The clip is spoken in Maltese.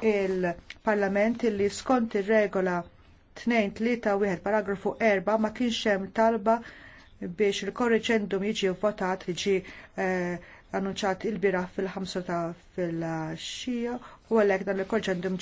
il-Parlament illi skont ir-regola 2-3-1 paragrafu 4 ma kienx hemm talba biex il-korreġendum jiġi votat jiġi eh, annunċat il-bira fil-5 ta' fil-xija u għalhekk dan il-korreġendum